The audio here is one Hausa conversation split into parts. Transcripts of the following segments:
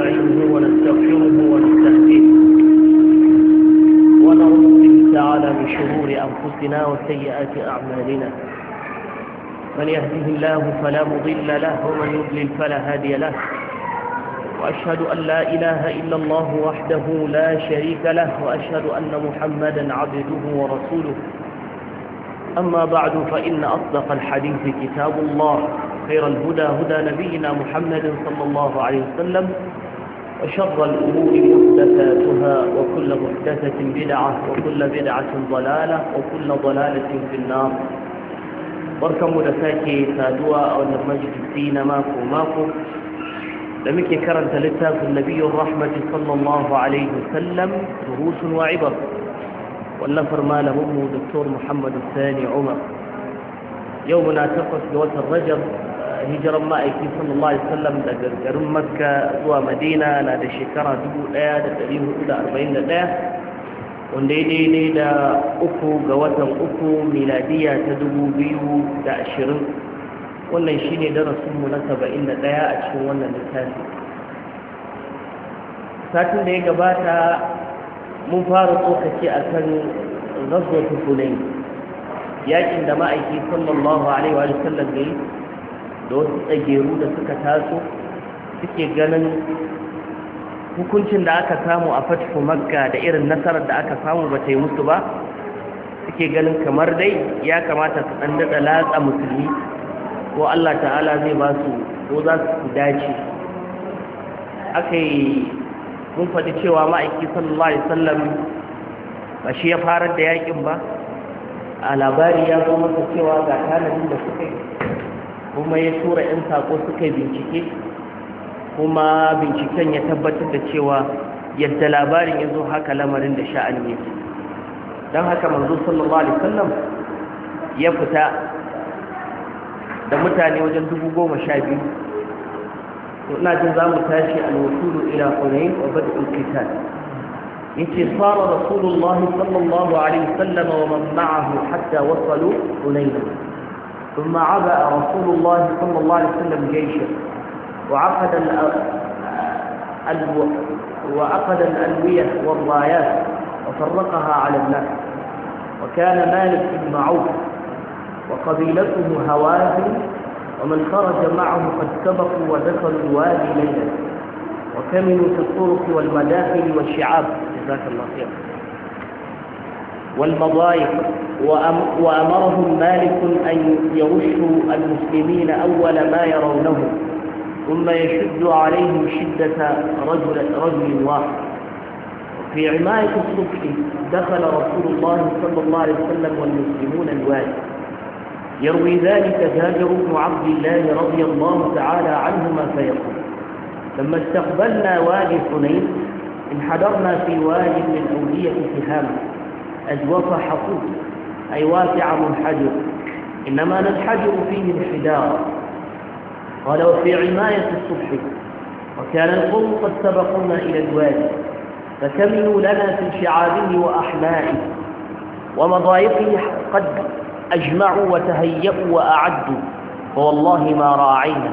ونستعينه ونستغفره ونستهديه ونعوذ به تعالى من شرور أنفسنا وسيئات أعمالنا من يهده الله فلا مضل له ومن يضلل فلا هادي له وأشهد أن لا إله إلا الله وحده لا شريك له وأشهد أن محمدا عبده ورسوله أما بعد فإن أصدق الحديث كتاب الله خير الهدى هدى نبينا محمد صلى الله عليه وسلم وشر الأمور محدثاتها وكل محدثة بدعة وكل بدعة ضلالة وكل ضلالة في النار بركم لساك سادوا أو نرمجد الدين ماكو ماكو لم يكن كرم النبي الرحمة صلى الله عليه وسلم دروس وعبر والنفر ما له دكتور محمد الثاني عمر يومنا تقف جوة الرجب hijiran ma'aiki sallallahu alaihi wasallam daga garin makka zuwa madina na da shekara 1441 wanda ya daidai da uku ga watan uku miladiya ta 2020 wannan shi ne darasinmu na 71 a cikin wannan littafi satin da ya gabata mun fara tsokaci a kan zazzwatu fulani yakin da ma'aiki sallallahu alaihi wasallam ya yi da wasu tsageru da suka taso suke ganin hukuncin da aka samu a fatifu Magga da irin nasarar da aka samu ba ta yi musu ba suke ganin kamar dai ya kamata su ɗan daɗa latsa musulmi ko allah ta'ala zai ba su ko za su dace aka yi mun faɗi cewa ma'aiki sallallahu alaihi sallam ba shi ya farar da yakin ba a labari ya zo masa cewa ga tanadin da suka yi kuma ya tura 'yan sako suka bincike kuma binciken ya tabbatar da cewa yadda labarin ya zo haka lamarin da sha'an ne don haka manzo sallallahu alaihi wasallam ya fita da mutane wajen dubu goma sha biyu ina jin za mu tashi alwasulu ila hunayn wa bad'ul qital yace sara rasulullahi sallallahu alaihi wasallam wa man ma'ahu hatta wasalu hunayn ثم عبأ رسول الله صلى الله عليه وسلم جيشه وعقد وعقد الألوية والرايات وفرقها على الناس وكان مالك بن معوف وقبيلته هوازن ومن خرج معه قد سبقوا ودخلوا الوادي ليلا وكملوا في الطرق والمداخل والشعاب جزاك الله خيرا والمضايق وأمرهم مالك أن يرشوا المسلمين أول ما يرونه ثم يشد عليهم شدة رجل, رجل واحد في عماية الصبح دخل رسول الله صلى الله عليه وسلم والمسلمون الوادي يروي ذلك جابر بن عبد الله رضي الله تعالى عنهما فيقول لما استقبلنا وادي حنين انحدرنا في واد من أولية تهامه أجوف حقوق أي واسع حجر إنما نتحجر فيه انحدارا قال وفي عماية الصبح وكان القوم قد سبقونا إلى الوادي فكملوا لنا في شعابه وأحمائه ومضايقه قد أجمعوا وتهيأوا وأعدوا فوالله ما راعينا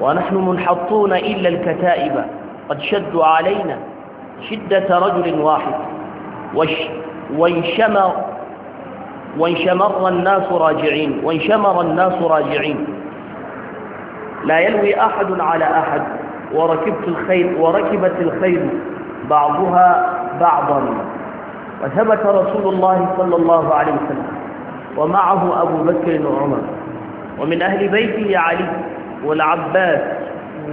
ونحن منحطون إلا الكتائب قد شدوا علينا شدة رجل واحد وش وانشمر وانشمر الناس راجعين وانشمر الناس راجعين لا يلوي أحد على أحد وركبت الخيل وركبت الخيل بعضها بعضا وثبت رسول الله صلى الله عليه وسلم ومعه أبو بكر وعمر ومن أهل بيته علي والعباس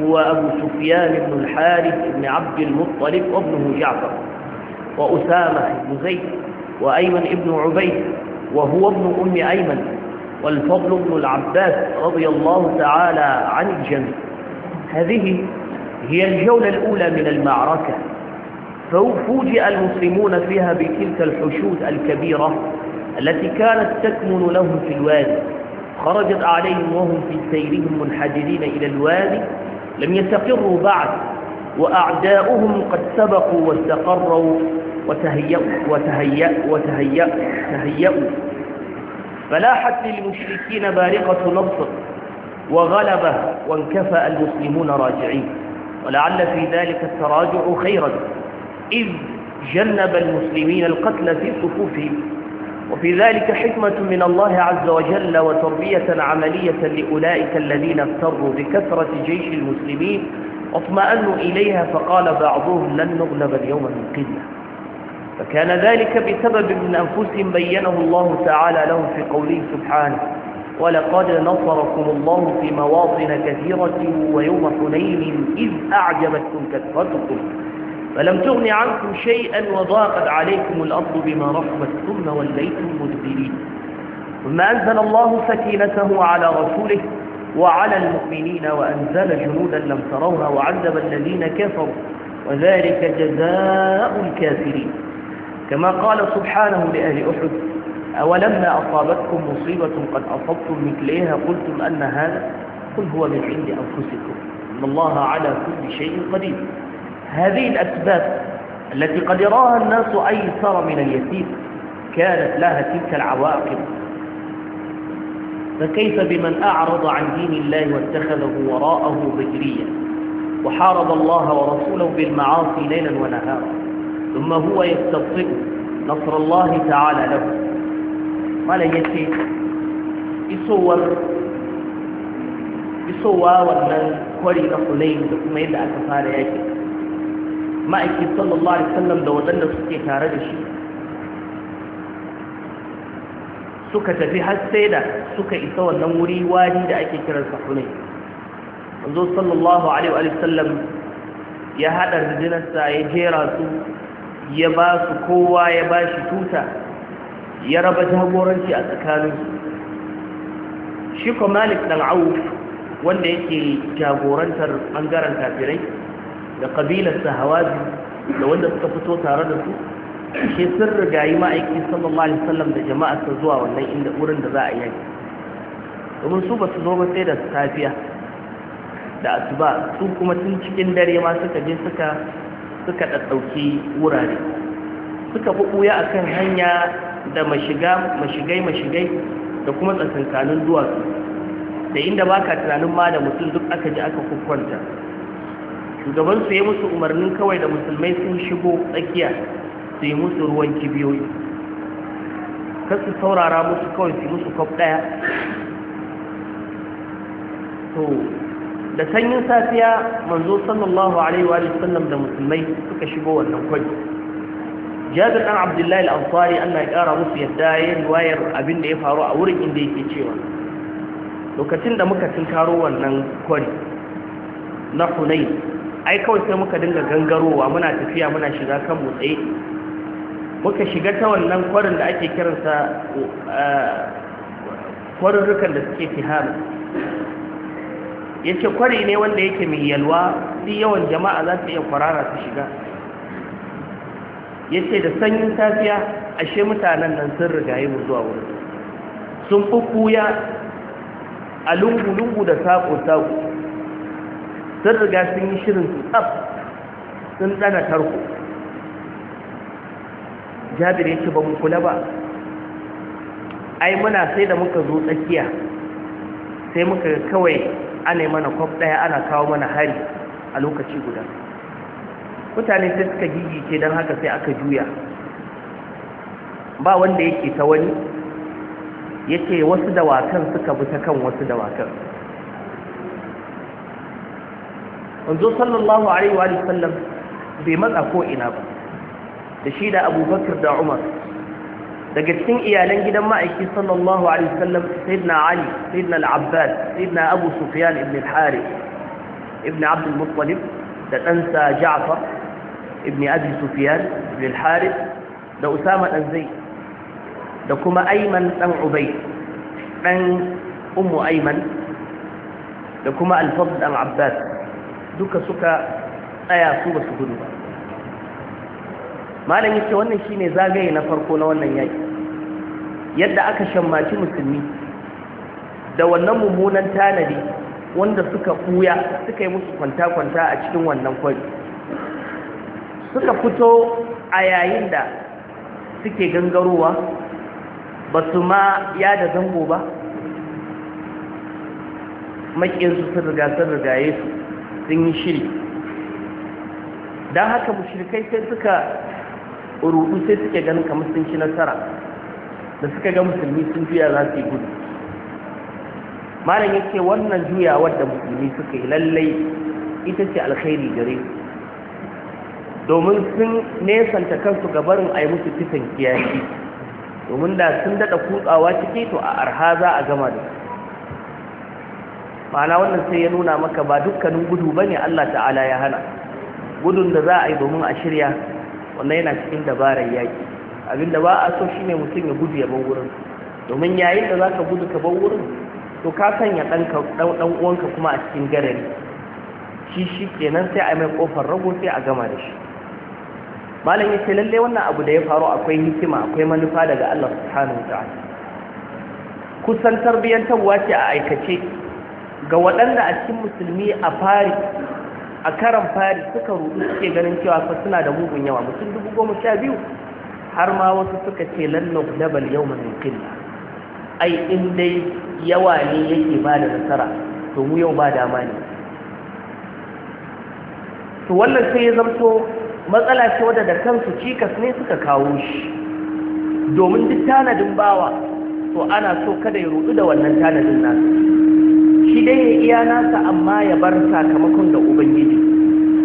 وأبو سفيان بن الحارث بن عبد المطلب وابنه جعفر وأسامة بن زيد وأيمن ابن عبيد وهو ابن أم أيمن والفضل بن العباس رضي الله تعالى عن الجميع هذه هي الجولة الأولى من المعركة فوجئ المسلمون فيها بتلك الحشود الكبيرة التي كانت تكمن لهم في الوادي خرجت عليهم وهم في سيرهم منحدرين إلى الوادي لم يستقروا بعد وأعداؤهم قد سبقوا واستقروا وتهيأوا وتهيأوا وتهيأوا تهيأوا فلاحت للمشركين بارقة نصر وغلبة وانكفأ المسلمون راجعين ولعل في ذلك التراجع خيرا إذ جنب المسلمين القتل في صفوفهم وفي ذلك حكمة من الله عز وجل وتربية عملية لأولئك الذين افتروا بكثرة جيش المسلمين اطمأنوا إليها فقال بعضهم لن نغلب اليوم من قلة فكان ذلك بسبب من أنفسهم بينه الله تعالى لهم في قوله سبحانه ولقد نصركم الله في مواطن كثيرة ويوم حنين إذ أعجبتكم كثرتكم فلم تغن عنكم شيئا وضاقت عليكم الأرض بما رحبت ثم وليتم مدبرين ثم أنزل الله سكينته على رسوله وعلى المؤمنين وأنزل جنودا لم تروها وعذب الذين كفروا وذلك جزاء الكافرين كما قال سبحانه لأهل أحد أولما أصابتكم مصيبة قد أصبتم مثليها قلتم أن هذا قل هو من عند أنفسكم إن الله على كل شيء قدير هذه الأسباب التي قد يراها الناس أيسر من اليسير كانت لها تلك العواقب فكيف بمن أعرض عن دين الله واتخذه وراءه بجريا وحارب الله ورسوله بالمعاصي ليلا ونهارا ثم هو يستطيع نصر الله تعالى له قال يتي يصور يصوى ونن كوري رسولين ثم يدعى كفار يجي ما يكي صلى الله عليه وسلم دو ذنب سكي تارد الشيء suka tafi har sai da suka isa wannan wuri wadi da ake kiransa hunai manzo sallallahu alaihi wa ya haɗa rijinarsa ya jera su ya ba su kowa ya ba shi tuta ya raba jagoranci a tsakaninsu shi ko malik ɗan auf wanda yake jagorantar ɓangaren kafirai da kabilar Hawazi da wanda suka fito tare da su shi sun rigayi ma'aiki sallallahu alaihi wasallam da jama'a sun zuwa wannan inda wurin da za a yi domin su ba su zo ba sai da safiya da asuba su kuma tun cikin dare ma suka je suka suka ɗaɗɗauki wurare suka fi ɓuya a kan hanya da mashiga mashigai mashigai da kuma tsakankanin duwatsu da inda ba tunanin ma da mutum duk aka ji aka kukwanta su ya musu umarnin kawai da musulmai sun shigo tsakiya su yi musu ruwan kibiyoyi kan su saurara musu kawai su musu kwaf ɗaya to da sanyin safiya manzo sallallahu alaihi wa sallam da musulmai suka shigo wannan kwaji jabir dan abdullahi al-ansari Allah ya kara musu yadda ya riwayar abin da ya faru a wurin inda yake cewa lokacin da muka tunkaro wannan kwari na hunai ai kawai sai muka dinga gangarowa muna tafiya muna shiga kan motsaye muka shiga ta wannan kwarin da ake kiransa eh, kwarurrukan da suke tihama ya ce kwari ne wanda yake mai yalwa ɗi yawan jama'a za su iya kwarara su shiga ya ce da sanyin safiya ashe mutanen nan sun rigaye mu zuwa wurin sun bukuya a lungu-lungu da saƙo-saƙo sun riga sun yi shirin su tsaf sun tsana tarko jabir yake ba mu kula ba ai muna sai da muka zo tsakiya sai muka ga kawai ana yi mana kwaf ɗaya ana kawo mana hari a lokaci guda mutane sai suka gigice don haka sai aka juya ba wanda yake ta wani yake wasu dawakan suka bi ta kan wasu dawakan wanzu sallallahu alaihi wa sallam bai matsa ko ina ba da shi da abubakar da umar daga cikin iyalan gidan ma'aiki sallallahu alaihi wasallam sayyidina ali sayyidina al-abbas sayyidina abu sufyan ibn al-harith ibn abd al-muttalib da ɗansa ja'far ibn abi sufyan ibn al-harith da usama dan zai da kuma ayman dan ubay dan ummu ayman da kuma al-fadl dan abbas duka suka tsaya su ba su gudu ba malam ce wannan shine zagaye na farko na wannan yaki yadda aka shammaci musulmi da wannan mummunan tanadi wanda suka kuya suka yi musu kwanta-kwanta a cikin wannan kwari suka fito a yayin da suke gangarowa ba su ma ya da zango ba maƙinsu sun riga sun rigaye su sun yi shiri don haka mushrikai sai suka rudu sai suke ganin kamar sun shi nasara da suka ga musulmi sun juya za su yi gudu malam yake wannan juyawar da musulmi suka yi lallai ita ce alkhairi gare domin sun nesanta kansu gabarin a yi musu kisan kiyashi domin da sun daɗa kutsawa ciki to a arha za a gama da ma'ana wannan sai ya nuna maka ba dukkanin gudu ba ne allah ta'ala ya hana gudun da za a yi domin a shirya wannan yana cikin dabarar yaƙi, abinda ba a so shine mutum ya gudu ya bar wurin domin yayin da ka gudu ka bar wurin to ka sanya ɗanka ɗan uwanka kuma a cikin garari shi shi kenan sai a mai ƙofar rago sai a gama da shi malam ya ce lallai wannan abu da ya faru akwai hikima akwai manufa daga Allah subhanahu ta'ala kusan tarbiyantarwa ce a aikace ga waɗanda a cikin musulmi a fari a karan fari suka rudu suke ganin cewa fa suna da mugun yawa mutum dubu goma sha biyu har ma wasu suka ce lannan dabal yau mai kila ai in dai yawa ne yake ba da nasara to mu yau ba dama ne to wannan sai ya zamto matsala ce wadda da kansu cikas ne suka kawo shi domin duk tanadin bawa to ana so kada ya rudu da wannan tanadin nasu shi dai ya iya nasa amma ya bar sakamakon da ubangiji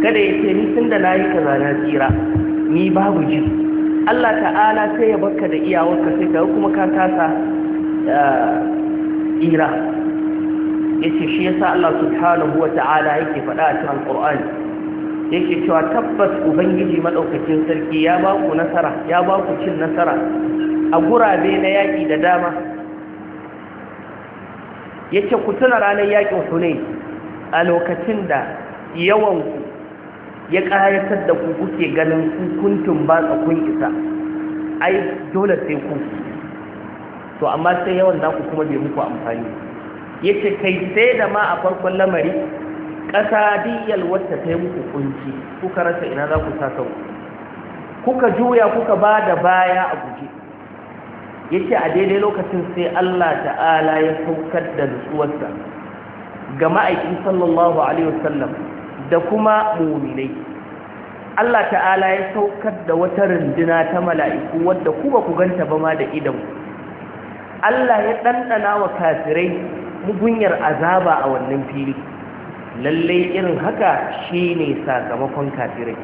kada ya ce ni tun da na yi ka na tsira ni babu ji Allah ta'ala sai ya barka da iyawarka sai ka kuma ka kasa eh, tsira ya ce shi ya sa Allah subhanahu wa ta'ala yake faɗa a cikin Qur'ani yake cewa tabbas ubangiji maɗaukacin sarki ya ba ku nasara ya ba ku cin nasara a gurabe na yaƙi da dama yake ku tuna ranar yakin ne a lokacin da yawan ya ƙayatar da ku kuke ganin ku kuntum ba kun isa ai dole sai ku to amma sai yawan ku kuma bai muku amfani yace kai sai da ma a farkon lamari ƙasa diyal wacce ta yi muku kunci kuka rasa ina za ku sa ku. kuka juya kuka ba da baya a guje yake a daidai lokacin sai Allah ta'ala ya saukar da nutsuwarsa ga ma'aikin sallallahu alaihi wasallam da kuma muminai Allah ta'ala ya saukar da wata runduna ta mala'iku wadda ku ba ku ganta ba ma da idan Allah ya ɗanɗana wa kafirai mugunyar azaba a wannan fili lallai irin haka shine sakamakon kafirai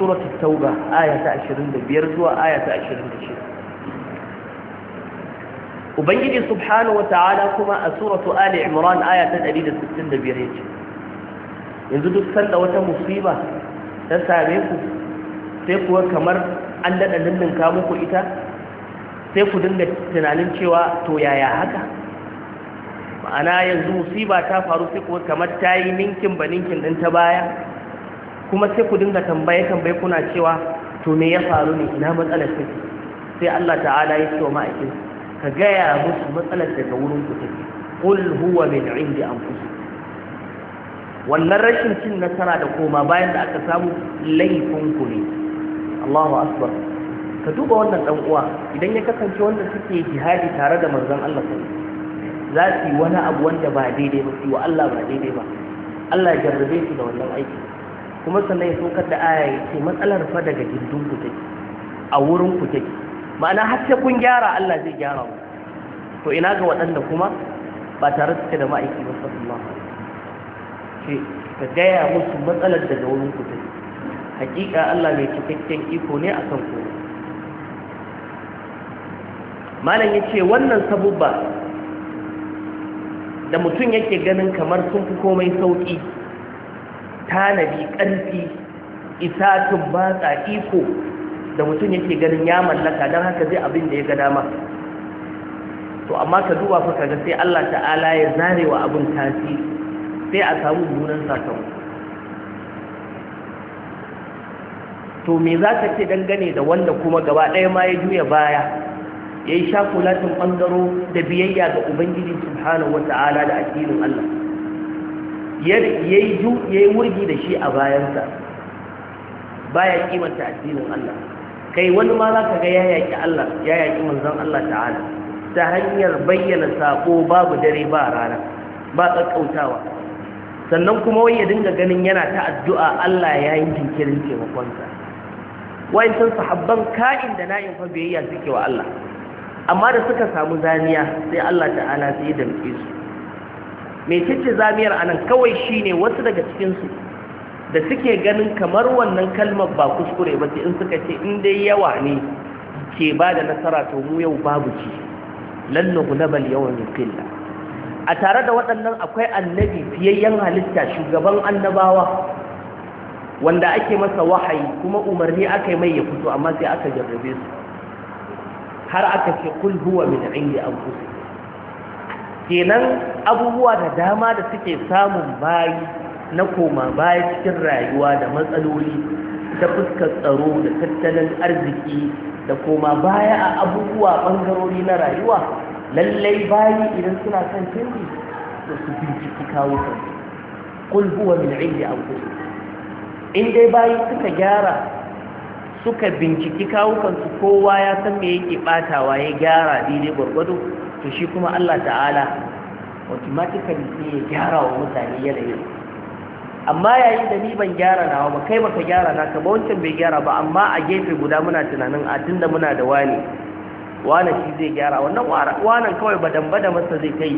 suratul tauba ayata 25 zuwa ayata 26 ubangiji subhanahu ta’ala kuma a suratu ali imran aya ta 165 yace yanzu duk sanda wata musiba ta same ku sai kuwa kamar an dada ninninka muku ita sai ku dinga tunanin cewa to yaya haka ma'ana yanzu musiba ta faru sai kuwa kamar ta yi ninkin ba ninkin din ta baya kuma sai ku dinga tambaye tambaye kuna cewa to me ya faru ne ina matsalar take sai Allah ta'ala ya ce wa ma'aikinsa ka gaya musu matsalar daga wurin ku take qul huwa min indi anfusikum wannan rashin cin nasara da koma bayan da aka samu laifin ku ne Allahu akbar ka duba wannan dan uwa idan ya kasance wanda suke jihadi tare da manzon Allah sallallahu za su yi wani abu wanda ba daidai ba su wa Allah ba daidai ba Allah ya jarrabe su da wannan aiki kuma sannan ya sokar da aya ya ce matsalar fa daga gindin ku take a wurin ku take ma'ana har sai kun gyara Allah zai gyara mu to ina ga waɗanda kuma ba tare suke da ma'aiki ba sallallahu alaihi ka gaya musu matsalar daga wurin ku take hakika Allah mai cikakken iko ne a kan ku malam yace wannan sabubba da mutum yake ganin kamar sun fi komai sauki tanadi ƙarfi isa tun batsa iko da mutum yake ganin ya mallaka don haka zai abin da ya ga dama to amma ka duba fa kaga sai Allah ta'ala ya zarewa abin tasiri sai a samu nunan sakamako to me za ka ce dangane da wanda kuma gaba ɗaya ma ya juya baya ya yi shakulatin ɓangaro da biyayya ga ubangiji subhanahu wa ta'ala da addinin Allah ya yi wurgi da shi a bayansa baya kimanta addinin Allah kai wani ma za ka ga ya yaƙi Allah ya yaƙi manzon Allah ta'ala ta hanyar bayyana sako babu dare ba rana ba ƙaƙƙautawa sannan kuma wai ya dinga ganin yana ta addu'a Allah ya yi jinkirin taimakonsa wayan san sahabban ka'in da na'in fa biyayya suke wa Allah amma da suka samu zaniya sai Allah ta'ala sai ya damƙe su mai cikin zamiyar anan kawai shine wasu daga cikin da suke ganin kamar wannan kalmar ba kuskure ba sai in suka ce in dai yawa ne ke ba da nasara to mu yau babu ci lalla gulabal yawan yuqilla a tare da waɗannan akwai annabi fiyayyen halitta shugaban annabawa wanda ake masa wahayi kuma umarni aka yi mai ya fito amma sai aka jarrabe su har aka ce kul huwa min indi anfusikum kenan abubuwa da dama da suke samun bayi na koma baya cikin rayuwa da matsaloli ta fuskar tsaro da tattalin arziki da koma baya a abubuwa bangarori na rayuwa lallai bayi idan suna son canji da su binciki kawo kansu kul huwa min indi in dai bayi suka gyara suka binciki kawukansu kowa ya san me yake batawa ya gyara daidai gwargwado to shi kuma Allah ta'ala automatically sai ya gyara wa mutane yanayin amma yayin da ni ban gyara nawa ba kai baka gyara na ka ba wancan bai gyara ba amma a gefe guda muna tunanin a tunda muna da wani wani shi zai gyara wannan wanan kawai ba dan bada masa zai kai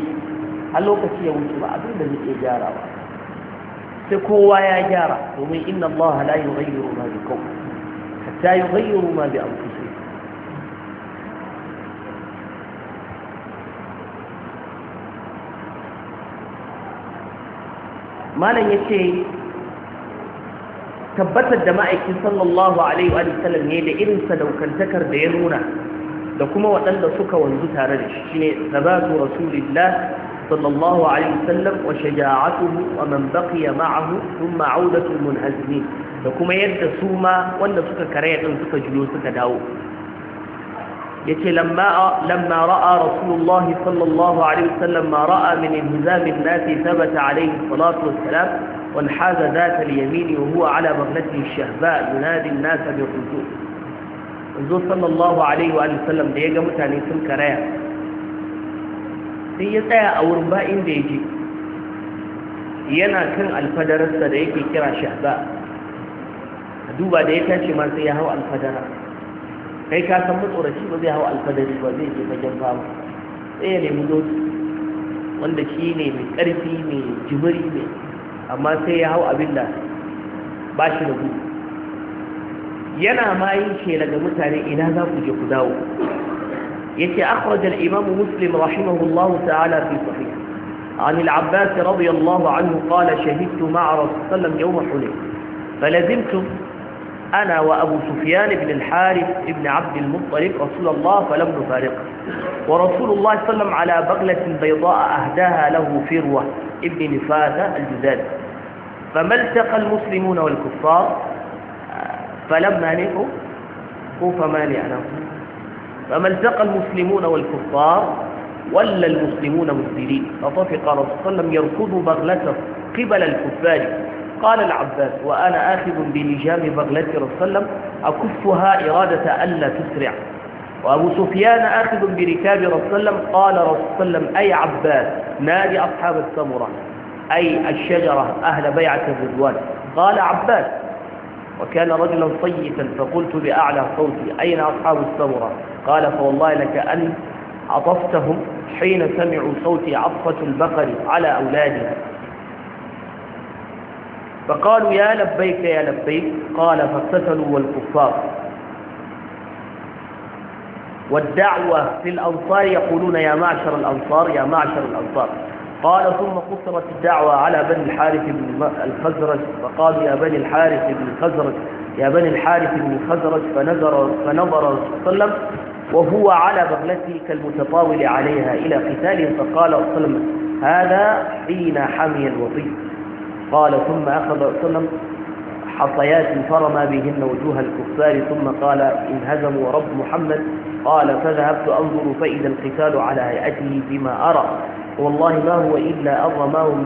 a lokaci ya wuce ba abin da zai gyara ba sai kowa ya gyara domin inna Allah la yughayyiru ma bikum hatta yughayyiru ma bi anfusihim malam ya ce tabbatar da ma'aikin sallallahu alaihi wa sallam ne da irin sadaukantakar da ya nuna da kuma waɗanda suka wanzu tare da shi shine sabatu rasulillah sallallahu alaihi wa sallam wa shaja'atuhu wa man baqiya ma'ahu thumma 'audatu munhazimin da kuma yadda su ma wanda suka karaya din suka juyo suka dawo يتي لما لما رأى رسول الله صلى الله عليه وسلم ما رأى من انهزام الناس ثبت عليه الصلاة والسلام وانحاز ذات اليمين وهو على مغنته الشهباء ينادي الناس بالرجوع الرسول صلى الله عليه وآله وسلم ده يجا متاني sun karaya سي ya tsaya a wurin ba inda yake yana kan alfadararsa da yake kira shahba duba da ya tashi sai ya kai ka san matsoraci ba zai hawa alfadari ba zai ke fagen fama sai ne mu doki wanda shi ne mai ƙarfi mai jimiri ne amma sai ya hau abin da ba shi da gudu yana ma yi shela ga mutane ina za ku je ku dawo يتي أخرج الإمام مسلم رحمه الله تعالى في صحيح عن العباس رضي الله عنه قال شهدت مع رسول الله يوم حنين فلزمت أنا وأبو سفيان بن الحارث بن عبد المطلب رسول الله فلم نفارقه ورسول الله صلى الله عليه وسلم على بغلة بيضاء أهداها له فروة ابن نفاذة الجزاد فما التقى المسلمون والكفار فلم مانعوا كوف مانع لهم فما التقى المسلمون والكفار ولا المسلمون مسلمين فطفق رسول الله يركض بغلته قبل الكفار قال العباس وأنا آخذ بلجام بغلة رسول الله أكفها إرادة ألا تسرع وأبو سفيان آخذ بركاب رسول الله قال رسول الله أي عباس نادي أصحاب السمرة أي الشجرة أهل بيعة الرضوان قال عباس وكان رجلا صيتا فقلت بأعلى صوتي أين أصحاب السمرة قال فوالله لك أن عطفتهم حين سمعوا صوتي عطفة البقر على أولادها فقالوا يا لبيك يا لبيك قال فاقتتلوا والكفار والدعوة في الأنصار يقولون يا معشر الأنصار يا معشر الأنصار قال ثم قصرت الدعوة على بني الحارث بن الخزرج فقالوا يا بني الحارث بن الخزرج يا بني الحارث بن الخزرج فنظر فنظر الله صلى عليه وسلم وهو على بغلته كالمتطاول عليها إلى قتاله فقال وسلم هذا حين حمي الوطي قال ثم أخذ سلم حصيات فرمى بهن وجوه الكفار ثم قال انهزموا ورب محمد قال فذهبت أنظر فإذا القتال على هيئته بما أرى والله ما هو إلا أظماهم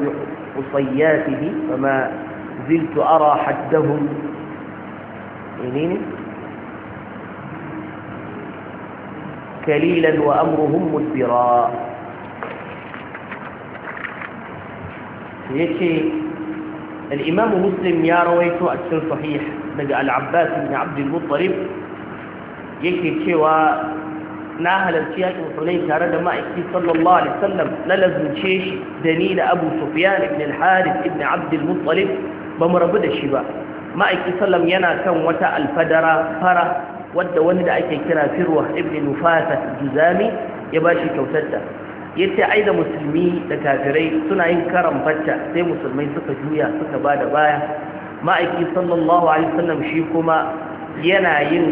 بحصياته فما زلت أرى حدهم كليلا وأمرهم مدبرا يكي الإمام مسلم يا رويت أكثر صحيح لقى العباس بن عبد المطلب يكي تشوى ناهل الشياك وحنين تارد مائكي صلى الله عليه وسلم للزم تشيش دنيل أبو سفيان بن الحارث بن عبد المطلب بمربد الشباب ma'aiki sallam yana kan wata alfadara fara wadda wani da ake kira firwa ibn nufasa juzami ya ba shi kyautarta yace ai da musulmi da kafirai suna yin karan facca sai musulmai suka juya suka ba da baya ma'aiki sallallahu alaihi wasallam shi kuma yana yin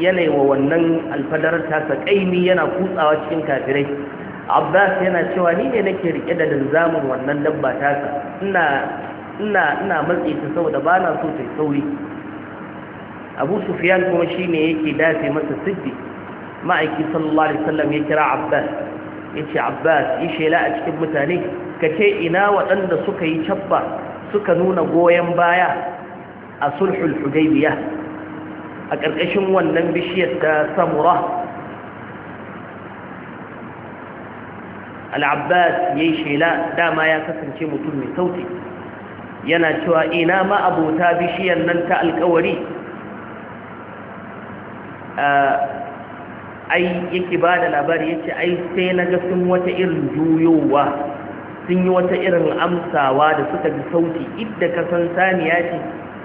yanayi wa wannan alfadar tasa kaimi yana kutsawa cikin kafirai abbas yana cewa ni ne nake rike da linzamin wannan dabba tasa ina ina ina ta saboda ba na so ta sauri abu sufyan kuma shine yake dafe masa siddi ma'aiki sallallahu alaihi wasallam ya kira abbas yace Abbas yi shela a cikin mutane kace ina waɗanda suka yi cabba suka nuna goyon baya a sulhul hudaybiyah a ƙarƙashin wannan bishiyar ta samura al'abbas ya yi shela dama ya kasance mutum mai sauti yana cewa ina ma abota bishiyar nan ta alkawari ah, ai yake ba da labari ya ce ai sai na ga sun wata irin juyowa sun yi wata irin amsawa da suka ji sauti idda ka san saniya ce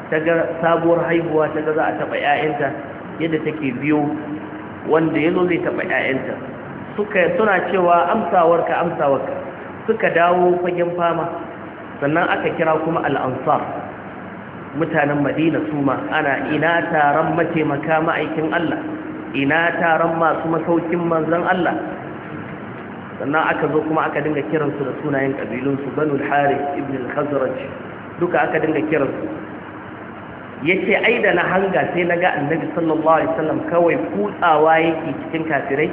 ta ga sabuwar haihuwa ta ga za a taɓa 'ya'yanta yadda take biyo wanda ya zai taɓa 'ya'yanta suka suna cewa amsawar ka, amsawarka ka suka dawo fagen fama sannan aka kira kuma al'ansar mutanen madina su ma ana ina taron mataimaka ma'aikin allah ina taron masu masaukin manzan Allah sannan aka zo kuma aka dinga kiransu da sunayen ƙabilunsu banu al hari ibn al-khazraj duka aka dinga kiransu yace ai da na hanga sai naga annabi sallallahu alaihi wasallam kawai kutsawa yake cikin kafirai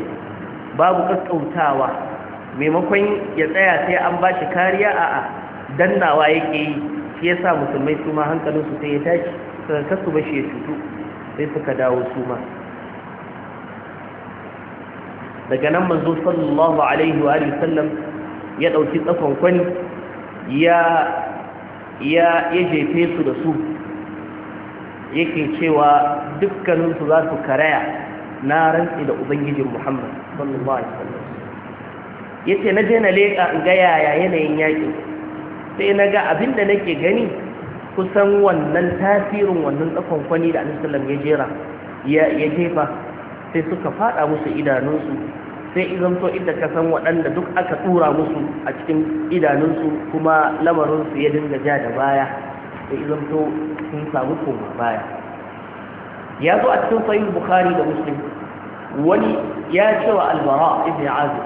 babu kaskautawa maimakon ya tsaya sai an bashi kariya a dannawa yake yi shi yasa musulmai su ma hankalinsu sai ya tashi suka kasu bashi ya cutu sai suka dawo su ma daga nan manzo sallallahu alaihi wa sallam ya dauki tsafan kwani ya ya ya jefe su da su yake cewa dukkanin su za su karaya na rantsi da ubangijin Muhammad sallallahu alaihi wasallam yace na je na leka ga yaya yanayin yaki sai na ga abinda nake gani kusan wannan tasirin wannan tsafan kwani da Annabi sallallahu alaihi wasallam ya jera ya jefa sai suka fada musu idanunsu sai izanto inda ka san waɗanda duk aka tura musu a cikin idanunsu kuma lamarinsu ya dinga ja da baya sai izanto sun samu koma baya ya zo a cikin sayin bukhari da muslim wani ya ce wa albara ibn azu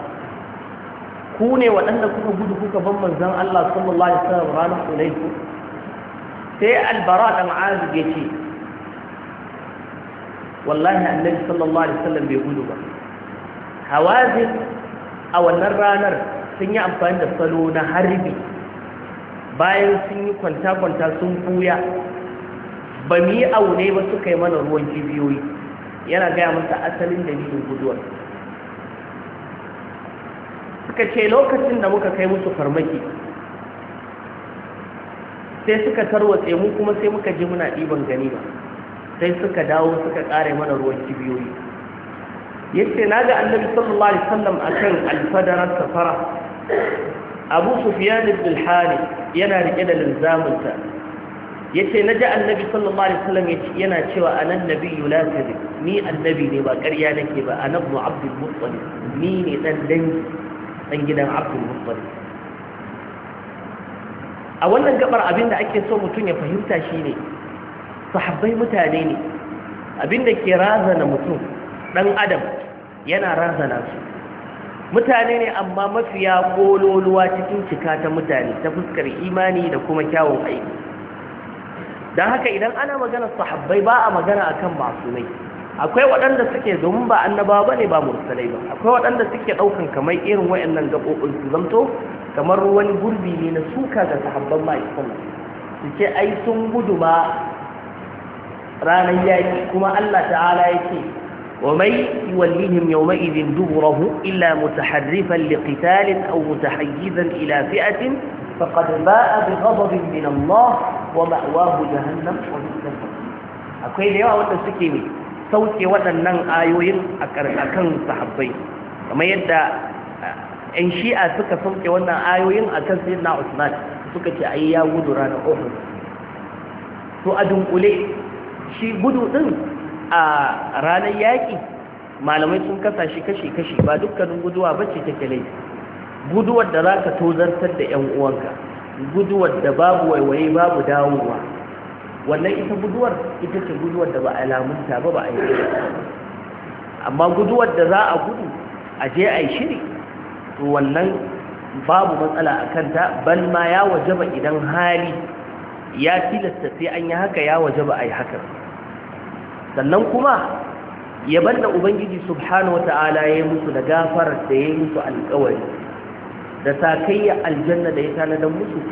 ku ne waɗanda kuka gudu kuka ban manzan Allah sallallahu alaihi wasallam ranar Hunayn sai albara dan azu ya ce wallahi annabi sallallahu alaihi wasallam bai gudu ba hawazin a wannan ranar sun yi amfani da salo na harbi bayan sun yi kwanta-kwanta sun buya ba mu yi aure ba suka yi mana ruwan jibiyoyi. yana gaya masa asalin dalilin guduwar suka ce lokacin da muka kai musu farmaki sai suka tarwatse mu kuma sai muka ji muna ɗiban gani ba. sai suka dawo suka kare mana ruwan kibiyoyi yace ga annabi sallallahu alaihi wasallam akan alfadara safara abu sufyan ibn Hali yana rike da linzaminta yace naji annabi sallallahu alaihi wasallam yace yana cewa anan nabiyyu la kadhib ni annabi ne ba ƙarya nake ba anan mu abdul muttalib ni ne dan dangi dan gidan abdul muttalib a wannan gabar abinda ake so mutum ya fahimta shine sahabbai mutane ne abinda ke razana mutum dan adam yana razana su mutane ne amma mafiya kololuwa cikin cika ta mutane ta fuskar imani da kuma kyawun aiki don haka idan ana magana sahabbai ba a magana akan masumai akwai waɗanda suke domin ba annaba ba ne ba mursalai ba akwai waɗanda suke ɗaukan kamar irin waɗannan gaɓoɓin su zamto kamar wani gurbi ne na suka ga sahabban ma'aikin su ce ai sun gudu ba ranar yaƙi kuma Allah ta'ala yake wa mai yuwallihim yawma idin duburahu illa mutaharrifan liqitalin aw mutahayyizan ila fi'atin faqad ba'a bi ghadabin min Allah wa ma'wahu jahannam wa bi'sal akwai da yawa wanda suke ne sauke waɗannan ayoyin a karkakan sahabbai kamar yadda ‘yan shi'a suka sauke wannan ayoyin a kan na Usman suka ce a yi ya gudu ranar Uhud to a dunkule shi gudu ɗin a ranar yaƙi malamai sun kasa shi kashi-kashi ba dukkanin guduwa ba ce take laifi guduwar da za ka tozartar da 'yan uwanka guduwar da babu waiwaye babu dawowa wannan ita guduwar ita ce guduwar da ba a lamunta ba ba a yi amma guduwar da za a gudu a je a yi shiri to wannan babu matsala a kanta ban ma ya waje ba idan hali ya tilasta sai an yi haka ya waje ba a yi haka sannan kuma yaban da ubangiji subhanahu wata'ala ya yi musu da gafarar da ya yi musu alkawari da sakayya aljanna da ya tanadar musu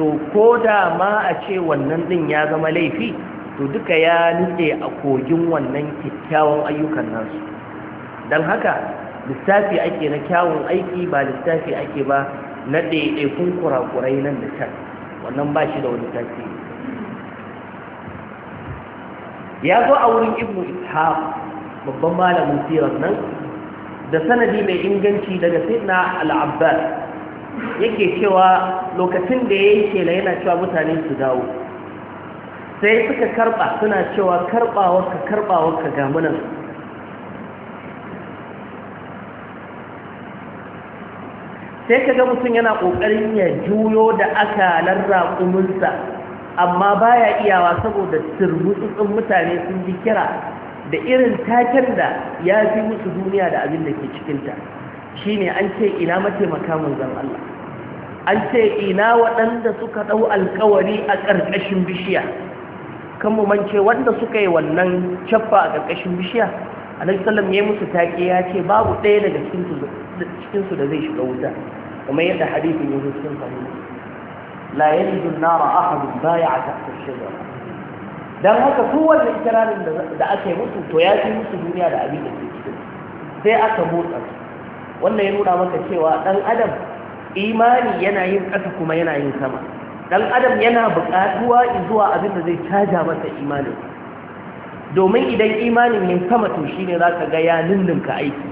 to ko da ma a ce wannan din ya zama laifi to duka ya nutse a kogin wannan kyakkyawan ayyukan nasu don haka lissafi ake na kyawun aiki ba lissafi ake ba na ɗaiɗaikun kurakurai nan da can wannan ba shi da wani tasiri ya zo a wurin ibnu ishaq babban malamin sirar nan da sanadi mai inganci daga sayyidina al-abbas yake cewa lokacin da ke shela yana cewa mutane su dawo sai suka karba suna cewa karbawarka karbawarka ga munan sai kaga mutum yana ƙoƙarin ya juyo da aka larra raƙuminsa amma baya iyawa saboda turmutsutsun mutane sun ji kira da irin taken da ya fi musu duniya da abin da ke cikinta shine an ce ina mataimaka manzon Allah an ce ina waɗanda suka dau alkawari a ƙarƙashin bishiya kan mu mance wanda suka yi wannan caffa a ƙarƙashin bishiya alaihi sallam ya musu take ya ce babu ɗaya daga cikinsu da zai shiga wuta kuma yadda hadisin ya zo fahimta la yalidu an-nara ahad baya tahta dan haka kowanne ikirarin da yi mutu, to ya fi musu duniya da abin da ke cikin sai aka motsa wannan ya nuna maka cewa dan adam imani yana yin ƙasa kuma yana yin sama dan adam yana buƙatuwa zuwa abin da zai caja masa imanin domin idan imanin ya sama to shine zaka ga ya ninninka aiki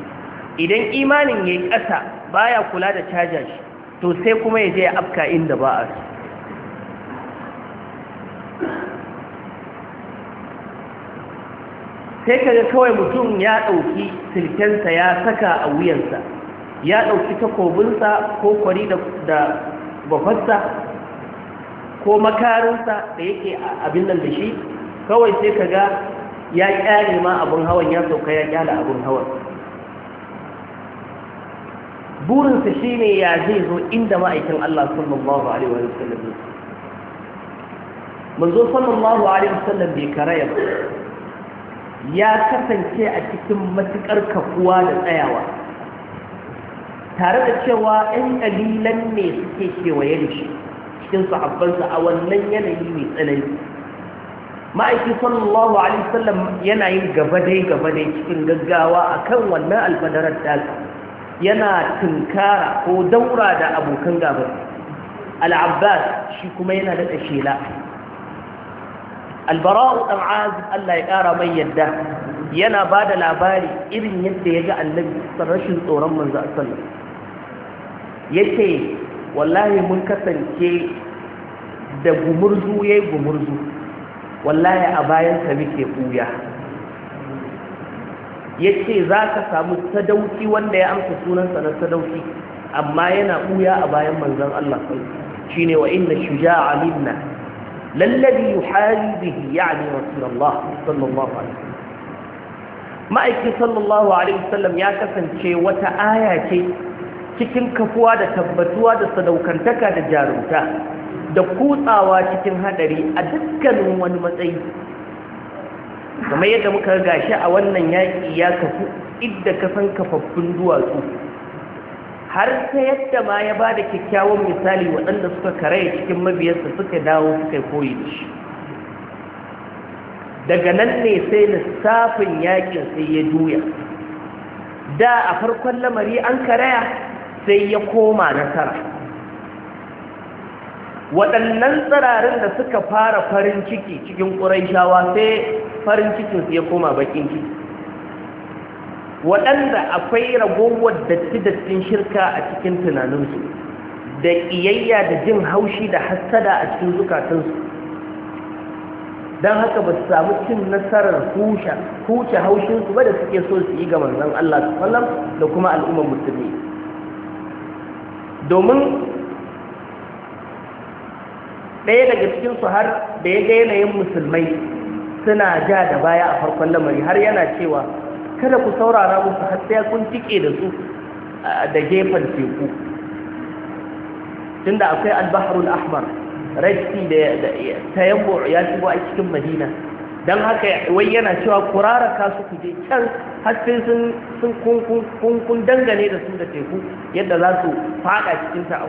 idan imanin ya ƙasa baya kula da caja shi to sai kuma ya je ya afka inda ba a su sai kaga kawai mutum ya ɗauki silkensa ya saka a wuyansa ya ɗauki takobinsa ko kwari da bafarsa ko makarinsa da yake abin nan da shi kawai sai kaga ya ƙyale ma abin hawan ya sauka ya ƙyale abin hawan burinsa shi ne ya zai zo inda ma'aikin Allah sallallahu Alaihi wasallam manzo sallallahu Alaihi wasallam bai karaya ba ya kasance a cikin matuƙar kafuwa da tsayawa tare da cewa 'yan ƙalilan ne suke kewaye da shi cikin sahabbansa a wannan yanayi mai tsanani ma'aiki sallallahu alaihi wasallam yana yin gaba dai gaba dai cikin gaggawa akan wannan alfadarar taka yana tunkara ko daura da abokan gaba al-abbas shi kuma yana da shela albara'u ɗan azib Allah ya kara mai yadda yana ba da labari irin yadda ya ga annabi rashin tsoron manzo sallam yace wallahi mun kasance da gumurzu yi gumurzu wallahi a bayan ɓuya ya ce yace zaka samu sadauki wanda ya amsa sunansa na sadauki amma yana ɓuya a bayan manzon Allah sallallahu alaihi wasallam shine wa inna shuja'a minna Lallabi الذي يحالي به يعني رسول ma'aikin sallallahu alaihi wasallam ya kasance wata aya ce cikin kafuwa da tabbatuwa da sadaukantaka da jarumta da kutsawa cikin hadari a dukkanin wani matsayi kamar yadda muka gashi a wannan yaƙi ya kafu idda kasan kafaffun duwatsu har ta yadda ma ya ba da kyakkyawan misali waɗanda suka karaya cikin mabiyarsa suka dawo suka koyi da shi daga nan ne sai lissafin yaƙin sai ya juya da a farkon lamari an karaya sai ya koma nasara waɗannan tsirarin da suka fara farin ciki cikin ƙuraishawa sai farin cikinsu ya koma bakin ciki waɗanda akwai ragowar datti-dattin shirka a cikin tunaninsu da ƙiyayya da jin haushi da hassada a cikin zukatunsu, don haka ba su samu cin nasarar huce haushinsu ba da suke so su yi ga manzan Allah su sallam da kuma al'ummar musulmi domin ɗaya daga cikinsu har da ya ga yanayin musulmai suna ja da baya a farkon lamari har yana cewa kada ku saurara musu har sai kun tike da su da gefen teku tunda akwai al-bahrul ahmar rajsi da tayammu ya shigo a cikin madina dan haka wai yana cewa kurara ka su kuje can har sai sun sun kun kun dangane da su da teku yadda za su fada cikin ta a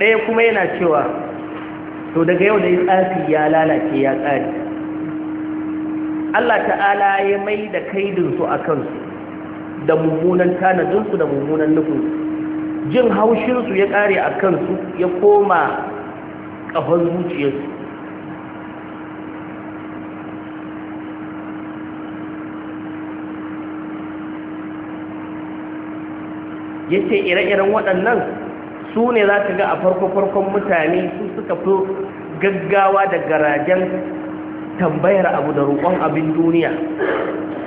ɗaya kuma yana cewa to daga yau da ya tsafi ya lalace ya tsari Allah ta'ala ya mai da kaidinsu a kansu da mummunan tanadinsu da mummunan nufinsu jin haushinsu ya ƙare a kansu ya koma ƙafan zuciyarsu ya ce ire-iren waɗannan su ne za ka ga a farko-farkon mutane su suka fi gaggawa da garajen tambayar abu da roƙon abin duniya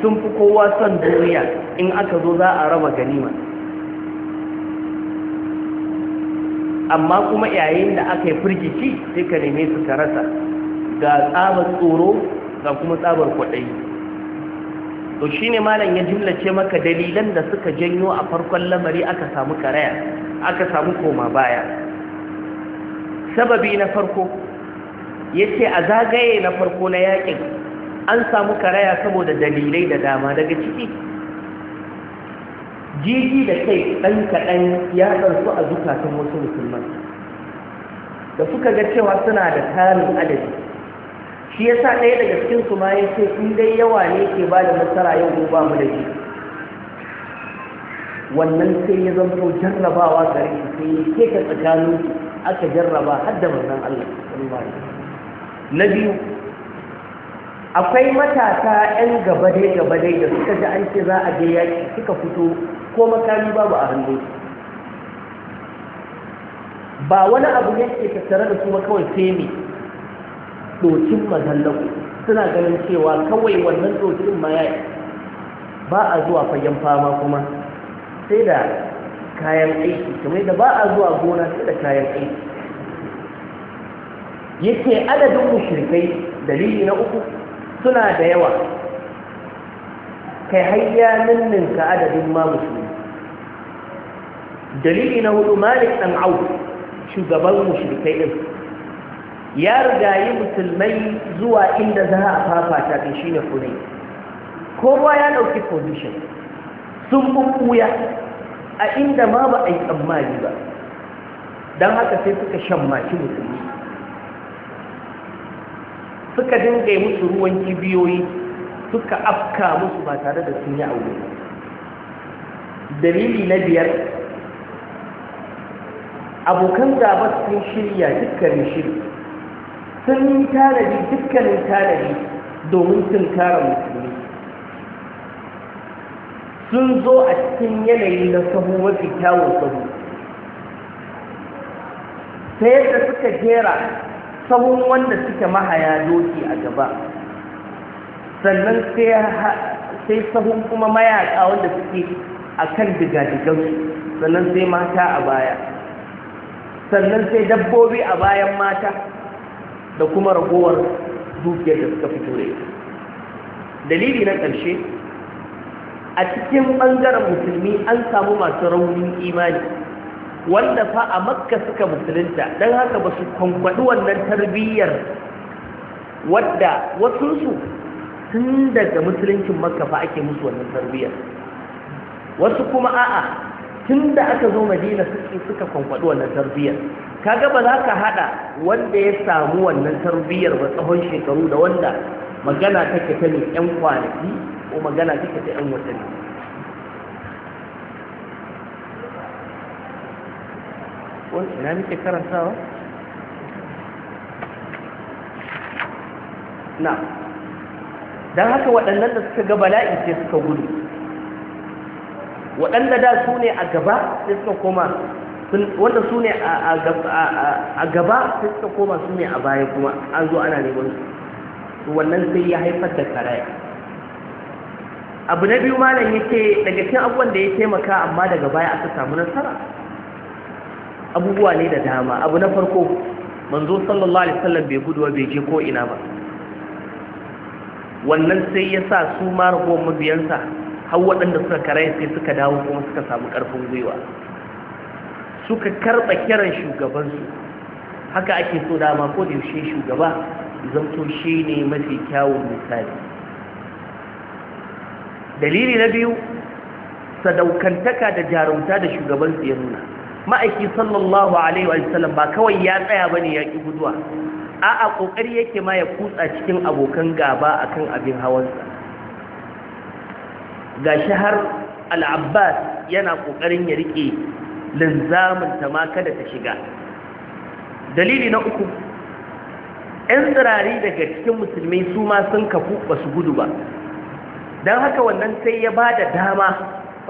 sun fi kowa son duniya in aka zo za a raba ganima amma kuma yayin da aka yi firgici sai ka neme su ka rasa ga tsabar tsoro ga kuma tsabar kwaɗayi to shi ne malam ya jimlace maka dalilan da suka janyo a farkon lamari aka samu karaya aka samu koma baya sababi na farko ya ce a zagaye na farko na yakin an samu karaya saboda dalilai da dama daga ciki jiji da kai ɗan kaɗan ya ɗansu a zukatan wasu musulman da suka ga cewa suna da tarin adadi shi ya sa ɗaya daga cikinsu ma ya ce dai yawa ne ke ba da nasara yau ko ba mu da shi wannan sai ya zanto jarrabawa gare shi sai ya keka tsakanin aka jarraba har da manzon Allah sallallahu na biyu akwai matasa 'yan gaba dai-gaba dai da suka ji an ce za a je yaki suka fito ko makami babu a hannu ba wani abu ne ke tattare da kuma kawai femi dokin mazallau suna ganin cewa kawai wannan dokin ma ya ba a zuwa fagen fama kuma sai da kayan aiki kamar da ba a zuwa gona sai da kayan aiki yake adadin mushrikai dalili na uku suna da yawa kai hayya ka adadin ma musulmi dalili na hudu malik dan au shugaban mushrikai din ya rigayi musulmai zuwa inda za a fafata ta shine kunai kowa ya dauki position sun bubuya, a inda ma ba a yi tsammani ba don haka sai suka shammaki musulmi suka dinga musu ruwan kibiyoyi suka afka musu ba tare da sun yi aure dalili na biyar abokan gaba sun shirya dukkanin shiri sun yi tanadi dukkanin tanadi domin sun kara musulmi sun zo a cikin yanayi na sahu mafi kyawun sahu ta yadda suka jera sahun wanda suke mahaya doki a gaba sannan sai sahun kuma mayaka wanda suke a kan digadigansu sannan sai mata a baya sannan sai dabbobi a bayan mata da kuma ragowar dukiyar da suka fito da dalili na ƙarshe a cikin ɓangaren musulmi an samu masu raunin imani wanda fa a makka suka musulunta don haka ba su kwankwaɗi wannan tarbiyyar wadda wasunsu tun daga musuluncin makka fa ake musu wannan tarbiyyar wasu kuma a'a tun da aka zo madina suke suka kwankwaɗi wannan tarbiyyar kaga ba za ka haɗa wanda ya samu wannan tarbiyyar ba tsawon shekaru da wanda magana take ta ne 'yan kwanaki ko magana take ta 'yan watanni ina muke karantawa na don haka waɗannan da suka ga bala'i sai suka gudu waɗanda da su ne a gaba sai suka koma wanda su ne a gaba sai suka koma su ne a baya kuma an zo ana neman su wannan sai ya haifar da karaya abu na biyu malam yake daga cikin abubuwan da ya taimaka amma daga baya aka samu nasara abubuwa ne da dama abu na farko manzo sallallahu alaihi wasallam bai gudu bai je ko ina ba wannan sai ya sa su ma ragowar mabiyansa har waɗanda suka karai sai suka dawo kuma suka samu ƙarfin gwiwa suka karɓa kiran shugabansu haka ake so dama ko da yaushe shugaba zamto shi ne mafi kyawun misali dalili na biyu sadaukantaka da jarumta da shugabansu ya nuna ma'aiki sallallahu alaihi wa sallam ba kawai ya tsaya bane ya ki guduwa a'a kokari yake ma ya kutsa cikin abokan gaba akan abin hawansa gashi har al-Abbas yana kokarin ya rike linzamin ta ma kada ta shiga dalili na uku ‘yan tsirari daga cikin musulmi su ma sun kafu ba su gudu ba don haka wannan sai ya ba da dama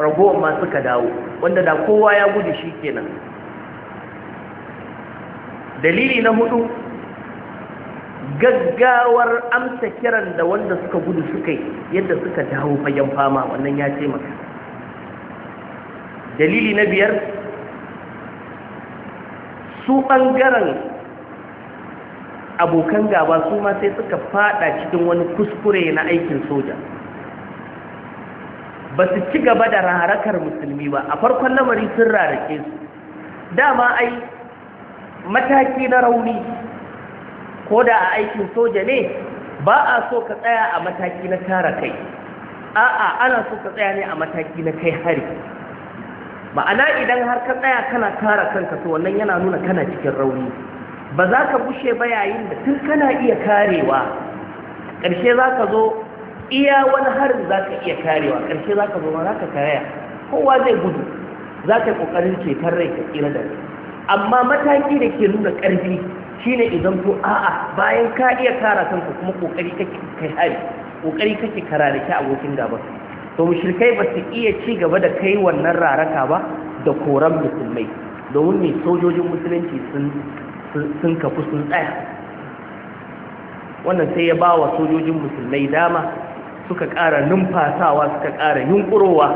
ragowar ma suka dawo wanda da kowa ya gudu shi kenan dalili na hudu gaggawar amsa kiran da wanda suka gudu suka yadda suka dawo fagen fama wannan ya taimaka dalili na biyar su ɓangaren abokan gaba su ma sai suka fada cikin wani kuskure na aikin soja ba su ci gaba da harakar musulmi ba a farkon lamari sun rarake su dama ai mataki na rauni ko da a aikin soja ne ba a so ka tsaya a mataki na tara kai a'a ana so ka tsaya ne a mataki na kai hari ma'ana idan har ka tsaya kana tara kanka to wannan yana nuna kana cikin rauni ba za ka bushe ba yayin da tun kana iya karewa ƙarshe za ka zo iya wani harin za ka iya karewa ƙarshe za ka zo za ka karaya kowa zai gudu za ka ƙoƙarin ceton rai ka tsira da amma mataki da ke nuna ƙarfi shine idan ko a'a bayan ka iya kara kanka kuma ƙoƙari kake kai hari ƙoƙari kake kararake abokin gaba to mushrikai ba su iya ci gaba da kai wannan raraka ba da koran musulmai domin ne sojojin musulunci sun kafu sun tsaya wannan sai ya ba wa sojojin musulmai dama suka ƙara numfasawa suka ƙara yunkurowa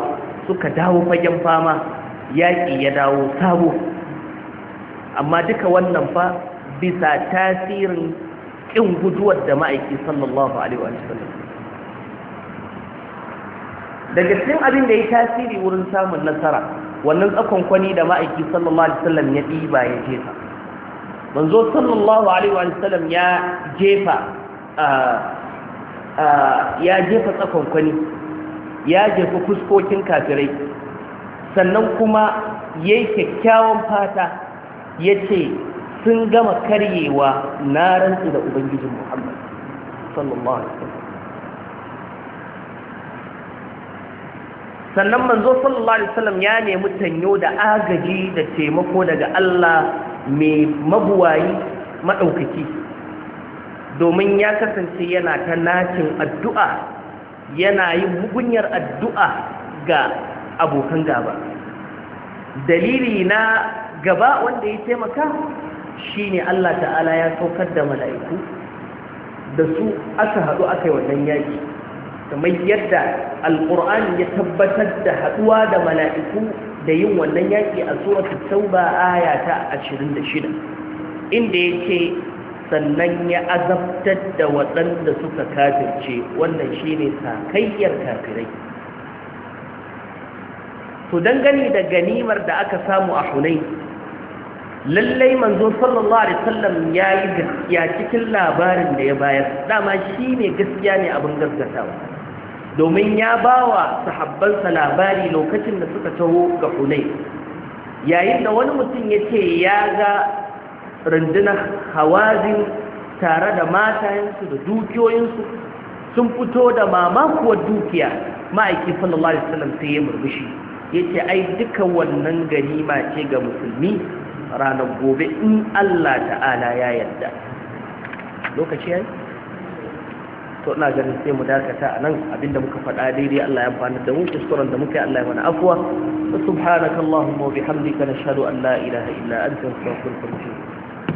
suka dawo fagen fama yaƙi ya dawo sabo amma duka wannan fa bisa tasirin ƙin guduwar da ma'aiki sallallahu alaihi wa sallam. daga cikin abin da ya tasiri wurin samun nasara wannan tsakon kwani da ma'aiki sallallahu alaihi wasallam ya ɗiba ya jefa manzo sallallahu alaihi wa sallam ya jefa ah, ya jefa tsakonkwani ya jefa fuskokin kafirai sannan kuma ya yi kyakkyawan fata ya ce sun gama karyewa na rantsu da ubangijin muhammad sallallahu alaihi sannan manzo sallallahu alaihi wasallam ya nemi tanyo da agaji da taimako daga Allah mai mabuwayi maɗaukaki. domin ya kasance yana ta nacin addu'a yana yi mugunyar addu'a ga abokan gaba dalili na gaba wanda ya taimaka shi ne Allah ta'ala ya saukar da mala'iku da su aka haɗu aka yi wannan yaƙi kamar yadda al’ur'an ya tabbatar da haɗuwa da mala'iku da yin wannan yaƙi a suratul tauba aya ta 26 inda yake sannan ya azabtar da waɗanda suka kafirce wannan shi ne sakayyar kafirai Su dangane da ganimar da aka samu a hunai lallai manzo sallallahu alaihi ya yi gaskiya cikin labarin da ya bayar dama shi ne gaskiya ne abin gaskatawa domin ya ba wa sahabbansa labari lokacin da suka taho ga hunai yayin da wani mutum ya ce ya ga rundunar hawazin tare da matayensu da dukiyoyinsu sun fito da mamakuwar dukiya ma'aiki sallallahu alaihi wasallam sai ya murmushi yace ai duka wannan ganima ce ga musulmi ranar gobe in Allah ta'ala ya yarda lokaci yayi to ina ganin sai mu dakata anan abinda muka faɗa daidai Allah ya amfana da mu kuskuren da muka yi Allah ya mana afwa subhanakallahumma wa bihamdika nashhadu an la ilaha illa anta astaghfiruka wa atubu